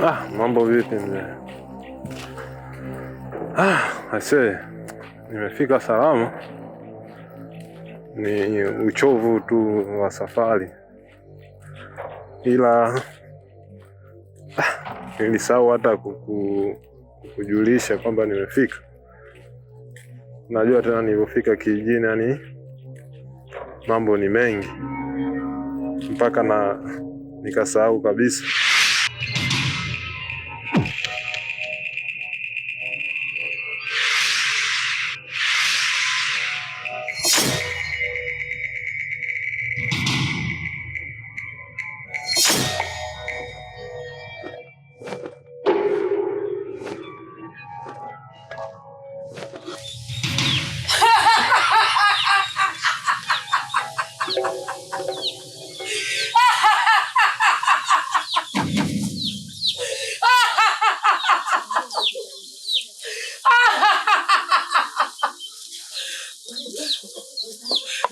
Ah, mambo vipi mzee? Ah, aisee, nimefika salama. Ni uchovu tu wa safari, ila ah, nilisahau hata kuku, kukujulisha kwamba nimefika. Najua tena nilipofika kijijini, yani mambo ni mengi mpaka na nikasahau kabisa.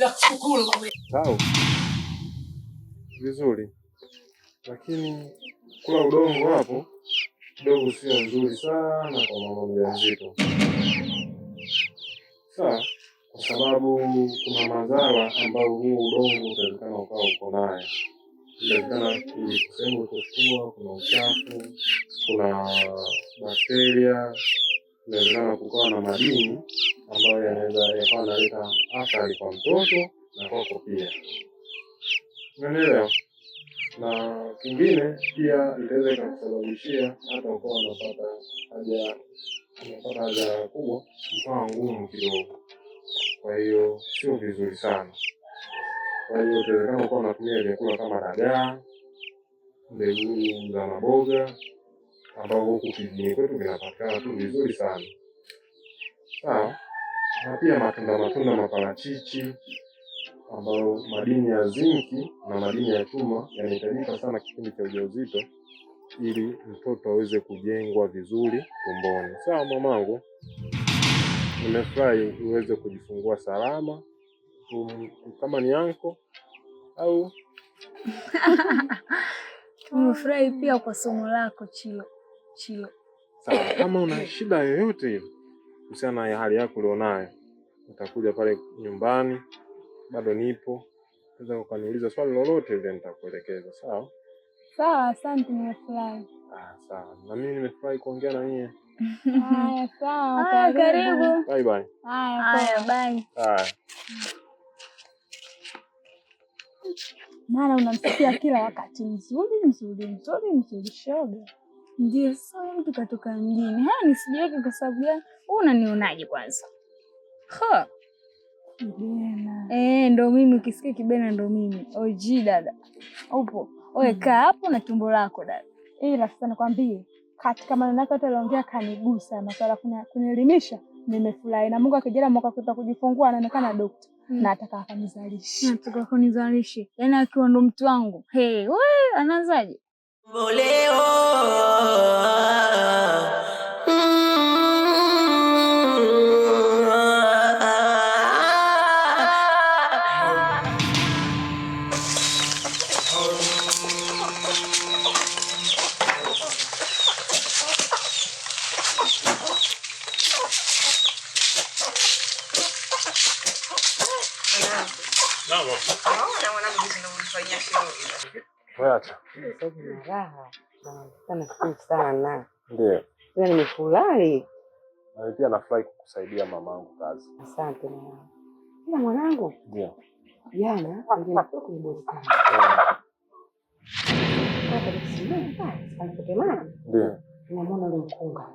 Nakushukuru sawa vizuri, lakini kula udongo hapo kidogo sio nzuri sana kwa mama mjamzito, sawa, kwa sababu kuna madhara ambayo huu udongo utaonekana ukawa uko naye aekana sehemu kukua, kuna uchafu, kuna bakteria, inawezekana kukawa na madini ambayo yanaweza yakawa naleta athari kwa mtoto na kwako pia, unaelewa. Na kingine pia itaweza ikakusababishia hata ukawa unapata haja unapata haja kubwa ikawa ngumu kidogo, kwa hiyo sio vizuri sana. Kwa hiyo utawezekana ukawa unatumia vyakula kama dagaa, mbegu za maboga ambao huku kijijini kwetu vinapatikana tu vizuri sana, sawa na pia matunda matunda, maparachichi ambayo madini ya zinki na madini ya chuma yanahitajika sana kipindi cha ujauzito ili mtoto aweze kujengwa vizuri tumboni. Sawa mamangu, nimefurahi uweze kujifungua salama. Um, kama ni anko au tumefurahi pia kwa somo lako Chilo. Chilo. Sawa, kama una shida yoyote hiyo kuhusiana na hali yako ulionayo. Utakuja pale nyumbani, bado nipo, unaweza ukaniuliza swali lolote ile, nitakuelekeza. Sawa sawa, asante, nimefurahi. Ah, sawa, na mimi nimefurahi kuongea na nyie. Haya, sawa, karibu. Bye bye. Haya, bye. Haya. Mara unamsikia kila wakati mzuri mzuri mzuri mzuri, shoga. Ndio sasa tukatoka mjini. Haya, nisijiweke kwa sababu gani? unanionaje kwanza? Eh, ndo mimi ukisikia kibena ndo mimi OG Dada upo oe, mm. kaa hapo na tumbo lako dada, ila sasa nakwambie katika maneno yake yote aliongea kanigusa masuala kunielimisha, nimefurahi na Mungu akijala mwaka kuta kujifungua anaonekana dokta mm. na ataka akanizalishe, nataka kunizalishe yaani akiwa ndo mtu wangu. Hey, we anaanzaje? Boleo sana ndio pia nimefurahi na pia nafurahi kukusaidia mamangu kazi. Asante mwanangu. Ila mwanangu, ndio jana ndio namwona ule mkunga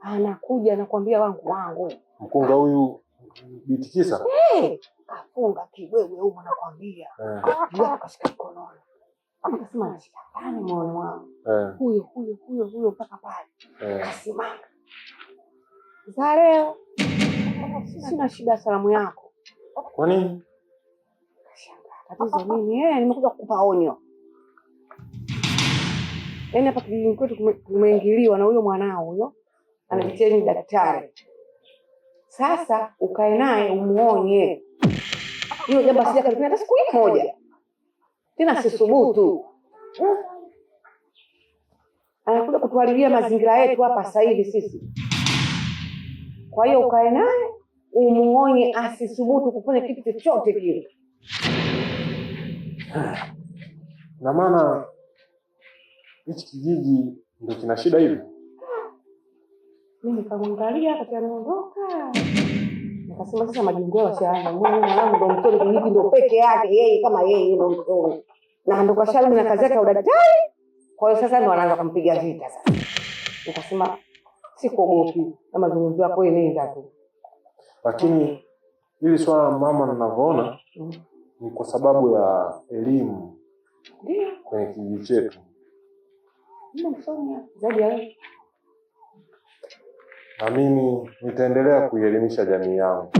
anakuja, nakwambia wangu wangu mkunga huyu biti kisa. Eh, kafunga kiwewe huko, nakwambia jua eh. akashika mkononi, akasema nashika gani wangu mwangu, eh. huyo huyo huyo huyo mpaka pale eh. kasimama. Za leo sina shida, salamu yako kwa nini? Tatizo nini? Eh, nimekuja kukupa onyo. Yaani hapa kijijini kwetu kumeingiliwa na huyo mwanao huyo anajitia ni daktari. Sasa ukae naye umuonye hiyo jambo asija ah, hata siku moja tena, sisubutu hmm. anakuja kutuharibia mazingira yetu hapa sasa hivi sisi. Kwa hiyo ukae naye umuonye, asisubutu kufanya kitu chochote kile. Na maana hichi kijiji ndio kina shida hivi. Mimi nikamwangalia akati anaondoka Kasema sasa majungu washaanza, mwanangu ndo mtoni kijiji ndo peke yake yeye, kama yeye ndo mtoni na ndo kwa shauri na kazi yake ya udaktari. Kwa hiyo sasa ndo anaanza kumpiga vita sasa. Nikasema sikuogopi na mazungumzo yako, yeye nenda tu. Lakini hili swala mama, ninavyoona mm. ni kwa sababu ya elimu kwenye kijiji chetu zaidi ya na mimi nitaendelea kuielimisha jamii yangu.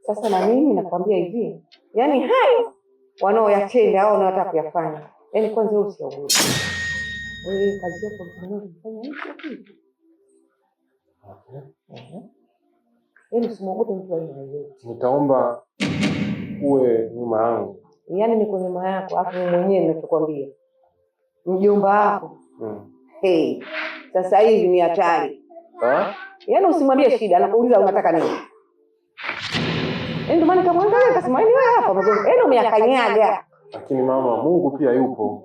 Sasa na mimi nakwambia hivi, yaani haya wanaoyatenda au wanaotaka kuyafanya, yaani kwanza usiogope. wewe, kazi yako kufanya yaani usimwogope mtu aina yoyote. Nitaomba uwe nyuma yangu, yaani niko nyuma yako, afu mwenyewe ninachokwambia mjomba wako. Mm. Hey sasa hivi yaani, ni hatari. Yaani usimwambie shida, anakuuliza unataka nini? Yaani ndio maana kamwangalia akasema yaani wewe hapa, yaani umeyakanyaga. Lakini mama, Mungu pia yupo.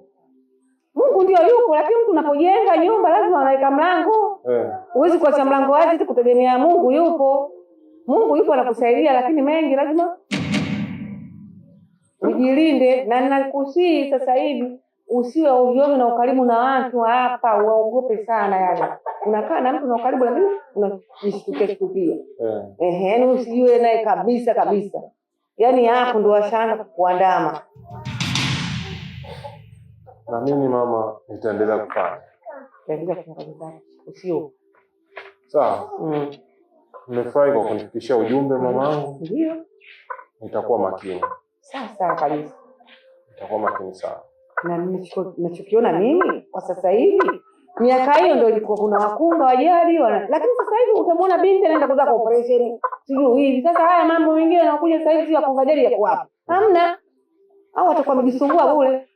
Mungu ndio yupo, lakini mtu unapojenga nyumba lazima anaweka mlango. Eh. Huwezi kuacha mlango wazi kutegemea Mungu yupo. Mungu yupo anakusaidia, lakini mengi lazima ujilinde, na ninakusii sasa hivi usiwe ovyo na ukaribu na watu hapa, waogope sana yani. Unakaa na mtu na ukaribu, lakini unajishtukia shtukia, eh. ehe, ni yaani usijiwe naye kabisa kabisa, yani hapo ndo washaanza kuandama. Na mimi mama, nitaendelea kufanya taendelea kufanya usio sawa. Mm. Nimefurahi kwa kunifikishia ujumbe mamangu, ndio nitakuwa makini. Sawa sawa kabisa, nitakuwa makini sana na nachokiona mimi kwa sasa hivi, miaka hiyo ndio ilikuwa kuna wakunga wajali wana, lakini sasa hivi utamwona binti anaenda kuzaa kwa operation sijui hivi. Sasa haya mambo mengine yanakuja sasa hivi, wakunga jali yako hapo hamna, au watakuwa wamejisumbua bure,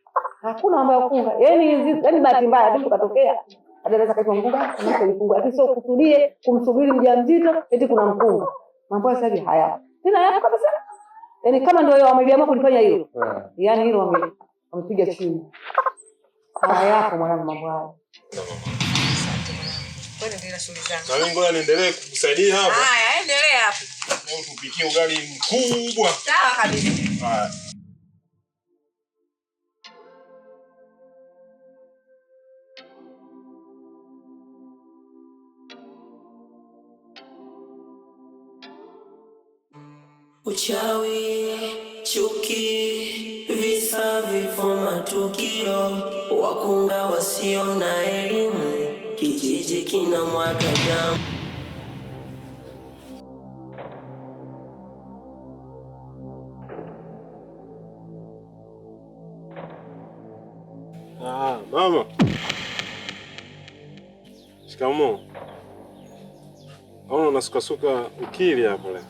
hakuna mambo ya kunga Yani yani bahati mbaya tu katokea adarasa kaitwa mkunga, mkunga, lakini sio kusudie kumsubiri mjamzito eti kuna mkunga. Mambo sasa hivi haya tena yapo kabisa, yani kama ndio wamejiamua kulifanya eh. yaani hilo, yani hilo wame Ampiga chini. Sawa yako mwanangu, mambo hayo. Ngoja niendelee kukusaidia hapa. Haya, endelea hapo. Tupikie ugali mkubwa. Sawa kabisa. Haya. Uchawi wakunga wasio na elimu, kijiji kina mwaga damu. Ah, mama. Shikamo. Naona unasukasuka ukili hapo leo.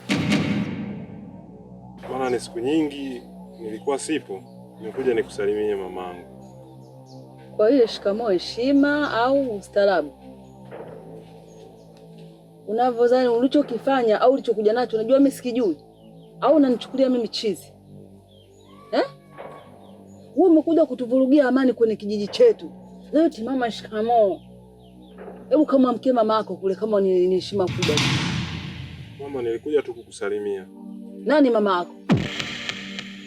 Maana ni siku nyingi nilikuwa sipo, nimekuja nikusalimie mamangu. Kwa hiyo shikamoo, heshima au ustaarabu unavyozani, ulichokifanya au ulichokuja nacho, unajua mimi sikijui au unanichukulia mimi chizi eh? Wewe umekuja kutuvurugia amani kwenye kijiji chetu leo. Timama, shikamo. Hebu kama mke mama yako kule, kama ni heshima kubwa. Mama, nilikuja tu kukusalimia. Nani mama yako?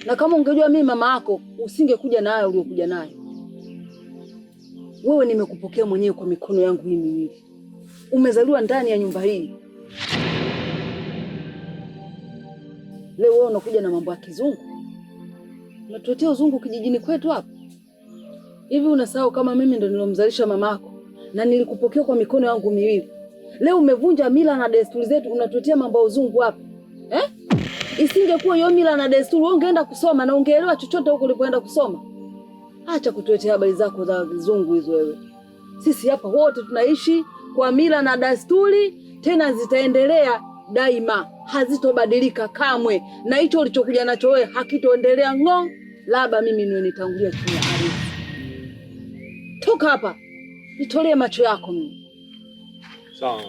Na kama ungejua mimi mama yako, usingekuja naye uliokuja naye. Wewe nimekupokea mwenyewe kwa mikono yangu hii miwili, umezaliwa ndani ya nyumba hii. Leo wewe unakuja na mambo ya kizungu, unatuletea uzungu kijijini kwetu hapa. Hivi unasahau kama mimi ndo nilomzalisha mamako na nilikupokea kwa mikono yangu miwili? Leo umevunja mila na desturi zetu, unatuletea mambo ya uzungu hapa eh? Isingekuwa hiyo mila na desturi, wewe ungeenda kusoma na ungeelewa chochote huko ulipoenda kusoma acha kutuletea habari zako za kizungu hizo wewe. Sisi hapa wote tunaishi kwa mila na desturi, tena zitaendelea daima, hazitobadilika kamwe, na hicho ulichokuja nacho wewe hakitoendelea ng'o. Labda mimi niwe nitangulia chini ya ardhi. Toka hapa, nitolee macho yako mimi. Sawa.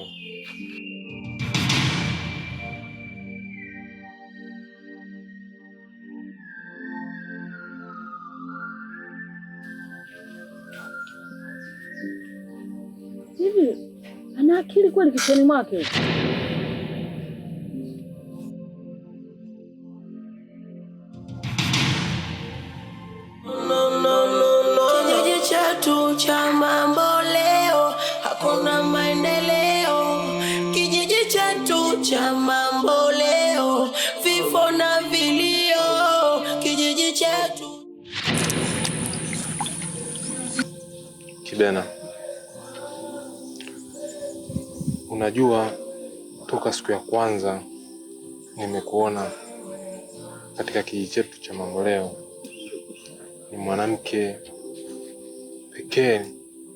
akili kweli kichwani mwake. Kijiji chetu cha mambo leo hakuna maendeleo. Kijiji chetu cha mambo leo vifo na vilio. Kijiji chetu Unajua, toka siku ya kwanza nimekuona katika kijiji chetu cha Mamboleo, ni mwanamke pekee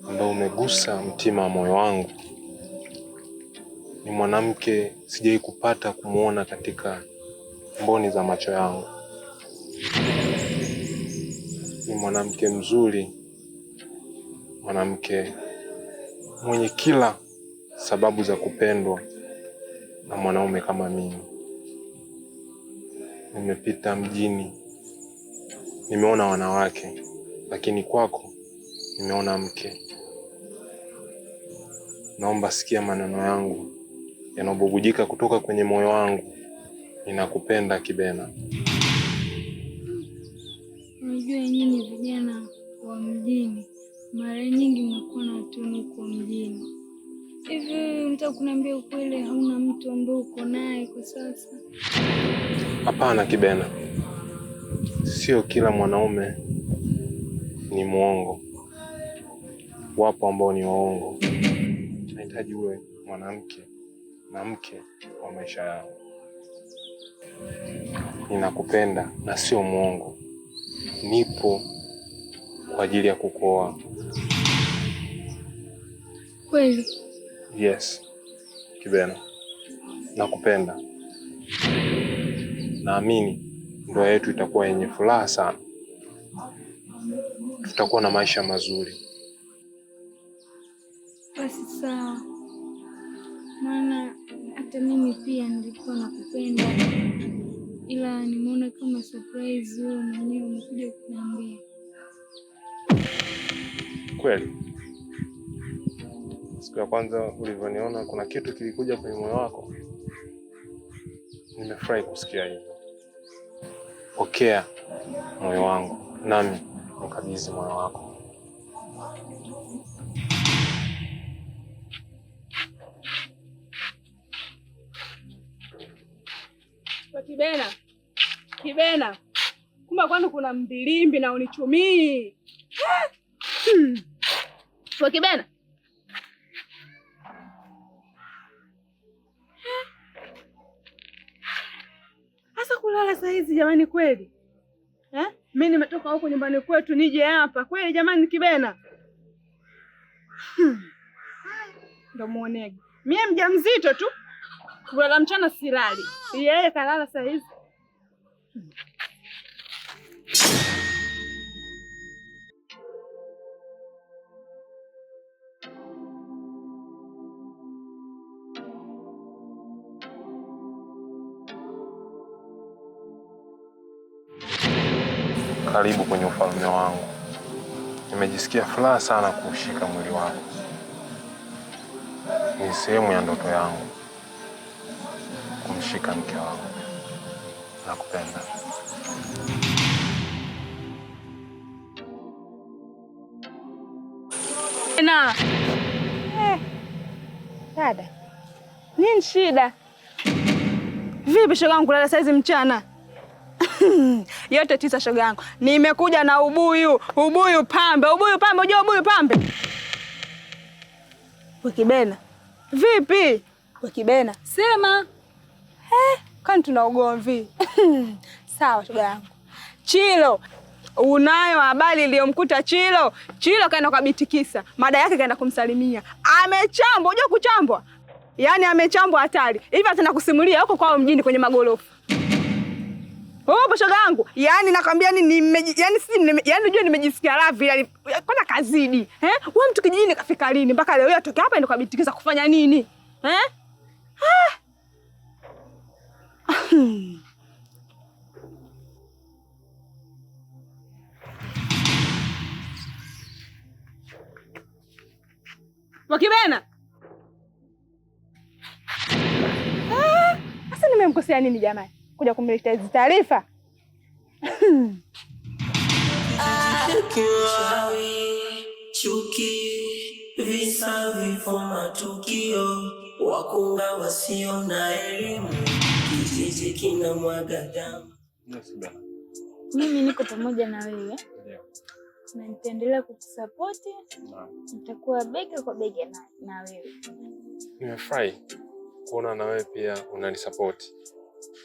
ambaye umegusa mtima wa moyo wangu. Ni mwanamke sijai kupata kumwona katika mboni za macho yangu. Ni mwanamke mzuri, mwanamke mwenye kila sababu za kupendwa na mwanaume kama mimi. Nimepita mjini, nimeona wanawake, lakini kwako nimeona mke. Naomba sikia maneno yangu yanabubujika kutoka kwenye moyo wangu. Ninakupenda Kibena. Unajua nyinyi vijana wa mjini mara nyingi mnakuwa na utuni kwa mjini Hivi mtaka kuniambia ukweli, hauna mtu ambaye uko naye kwa sasa? Hapana Kibena, sio kila mwanaume ni mwongo. Wapo ambao ni waongo. Nahitaji uwe mwanamke na mke wa maisha yao. Ninakupenda na sio mwongo, nipo kwa ajili ya kukuoa kweli Yes Kibena, nakupenda. Naamini ndoa yetu itakuwa yenye furaha sana, tutakuwa na maisha mazuri. Basi sawa, maana hata mimi pia nilikuwa nakupenda, ila nimeona kama surprise wewe mwenyewe umekuja kuniambia kweli siku ya kwanza ulivyoniona, kuna kitu kilikuja kwenye moyo wako. Nimefurahi kusikia hivyo. Pokea moyo wangu, nami mkabidhi moyo wako. Kibena, Kibena, kumbe kwani kuna mbilimbi na unichumii? Kwa Kibena kulala saa hizi jamani, kweli eh? Mimi nimetoka huko nyumbani kwetu nije hapa kweli jamani, Kibena hmm. ndo muonege mie mjamzito tu kulala mchana silali, yeye kalala saa hizi. Hmm. karibu kwenye ufalme wangu. Nimejisikia furaha sana kuushika mwili wako, ni sehemu ya ndoto yangu kumshika mke wangu. Nakupenda. Na eh, dada, nini shida? Vipi shoga, kulala saizi mchana? Hmm, yote tisa, shoga yangu, nimekuja na ubuyu, ubuyu pambe, ubuyu pambe. ujua ubuyu pambe, Wekibena? Vipi Wekibena, sema eh, kwani tuna ugomvi? Sawa shoga yangu. Chilo, unayo habari iliyomkuta Chilo? Chilo kaenda kwa Bitikisa, mada yake kaenda kumsalimia, amechambwa. Unajua kuchambwa, yaani amechambwa hatari hivi, atana kusimulia huko kwao mjini kwenye magorofa Oh, mashoga yangu. yani nakwambia ni nimeji, yani si nime yani unajua nimejisikia raha vile. Yaani Kwanza kazidi. Eh? Wewe mtu kijijini kafika lini mpaka leo atoke hapa ndio kabitikiza kufanya nini? Eh? Ah. Hmm. Wakibena. Ah, sasa nimemkosea nini jamani? kuja kumletea hizi taarifa chuki, visa, vifo, matukio, wakunga wasio na elimu, kijiji mwaga damu. Mimi niko pamoja na wewe na nitaendelea kukusapoti, nitakuwa bega kwa bega na, na wewe. Nimefurahi kuona na wewe pia unanisapoti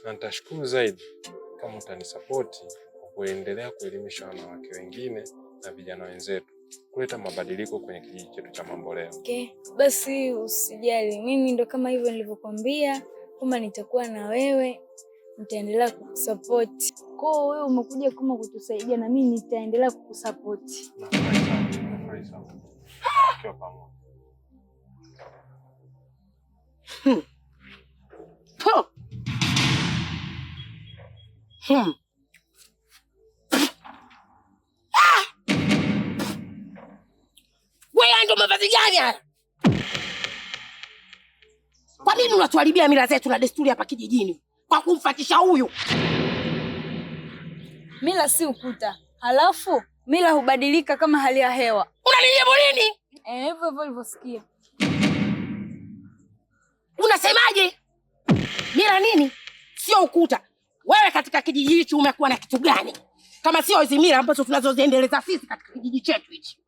na nitashukuru zaidi kama utanisapoti kwa kuendelea kuelimisha wanawake wengine na vijana wenzetu kuleta mabadiliko kwenye kijiji chetu cha Mamboleo. Okay. Basi usijali, mimi ndo kama hivyo nilivyokwambia kama nitakuwa na wewe nitaendelea kukusapoti. Kwa hiyo wewe umekuja kama kutusaidia, na mimi nitaendelea kukusapoti. Hmm. Ah! Wewe mavazi gani haya? Kwa nini unatuharibia mila zetu na desturi hapa kijijini kwa kumfatisha huyu? Mila si ukuta, halafu mila hubadilika kama hali ya hewa. Unanijibu nini? Eh, hivyo hivyo ulivyosikia. Unasemaje? Mila nini? Sio ukuta wewe katika kijiji hichi umekuwa na kitu gani kama sio hizo mila ambazo tunazoziendeleza sisi katika kijiji chetu hichi?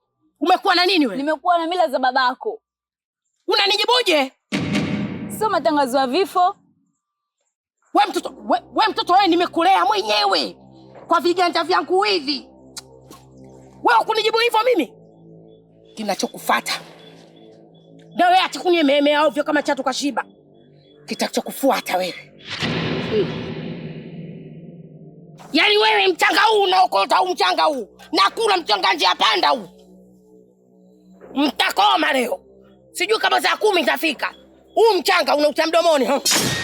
Umekuwa na nini wewe? Nimekuwa na mila za babako. Unanijibuje? Sio matangazo ya vifo. Wewe mtoto, wewe mtoto, wewe nimekulea mwenyewe kwa viganja vyangu hivi. Wewe ukunijibu hivyo mimi? Kinachokufuata na wewe ati kunyemeemea ovyo kama chatu kashiba, kitachokufuata wewe hmm. Yaani wewe mchanga huu unaokota huu mchanga huu nakula mchanga njia panda huu, mtakoma leo. Sijui kama saa kumi itafika, huu mchanga unauta mdomoni huh?